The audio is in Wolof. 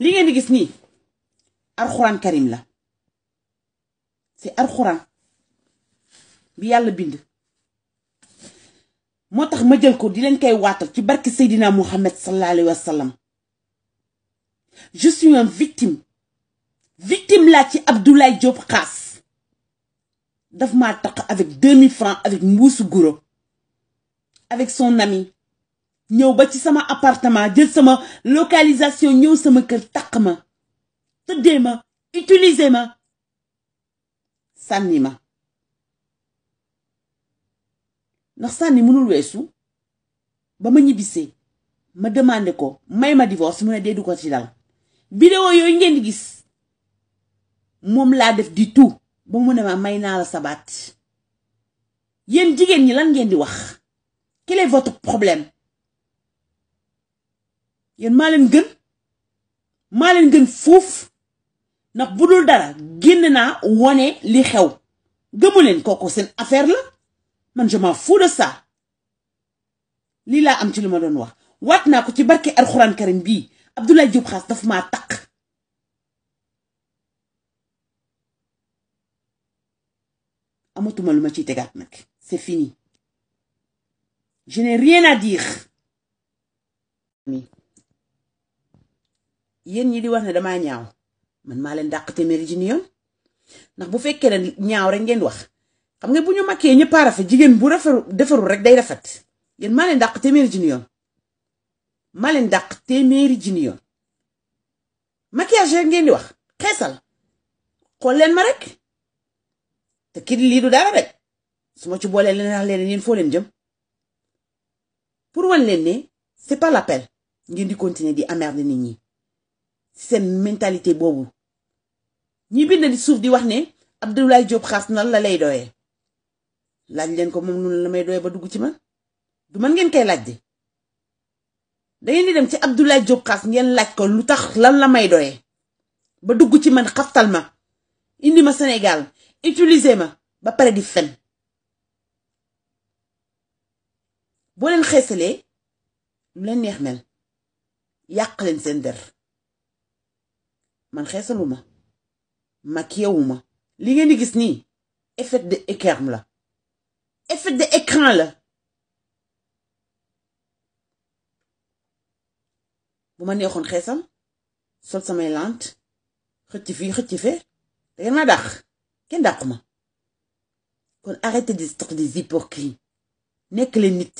li ngeen di gis ni alxuraan karim la c'est alxuraan bi yàlla bind moo tax ma jël ko di leen koy waatal ci barki Seydina Mouhamed sallallahu alayhi wa sallam je suis un victime victime laa ci Abdoulaye Diop xaas daf ma taq avec 2000 francs avec mbuusu guro avec son ami ñëw ba ci sama appartement jël sama localisation ñëw sama kër taq ma tëddee ma utiliser ma sànni ma ndax sànni mënul weesu ba ma ñibbisee ma demandé ko may ma divorce mu ne dee du ko ci dal vidéo yooyu ngeen di gis moom laa def di tout ba mu ne ma may naa la sabaat yéen jigéen ñi lan ngeen di wax quel est votre problème yéen maa gën maa leen gën fuuf ndax bu dul dara génn naa wane li xew gëmu leen kooku affaire la man je m'en fous de lii laa am ci li ma doon wax wat naa ko ci barke alxuraan karim bii Abdoulaye Diop Khass daf maa takk amatuma lu ma ciy tegaat nag c'est fini je rien à dire. yéen ñi di wax ne damaa ñaaw man maa leen dàq téeméeri ji ni ndax bu fekkee ne ñaaw rek ngeen wax xam nga bu ñu makkee ñi a rafet jigéen bu rafetlu defarul rek day rafet yéen maa leen dàq téeméeri ji ni yoon maa leen dàq téeméeri ji ni yoon maquillage ngeen di wax xeesal xool leen ma rek te kii lii du dara rek su ma ci boolee leen wax leen yéen foo leen jëm pour wan leen ne c'est pas l'appel ngeen di continuer di emmerder nit ñi. ci seen mentalité boobu ñi bind di suuf di wax ne Abdoulaye Diop xaas na la lay doyee laaj leen ko moom noonu la may doyee ba dugg ci man du man ngeen koy laaj de dangeen di dem ci Abdoulaye jóob xaas ngeen laaj ko lu tax lan la may doyee ba dugg ci man xaftal ma indi ma Sénégal utiliser ma ba pare di fen boo leen xeesalee lu leen neex mel yàq leen seen der man xeesaluma maquillewuma li ngeen di gis nii effet de écran la effet de écran la bu ma neexoon xeesal sol samay lant xëcc fi xëcc fee da ngeen maa dàq kenn ma kon arrêtez de des hypocrites nekk leen nit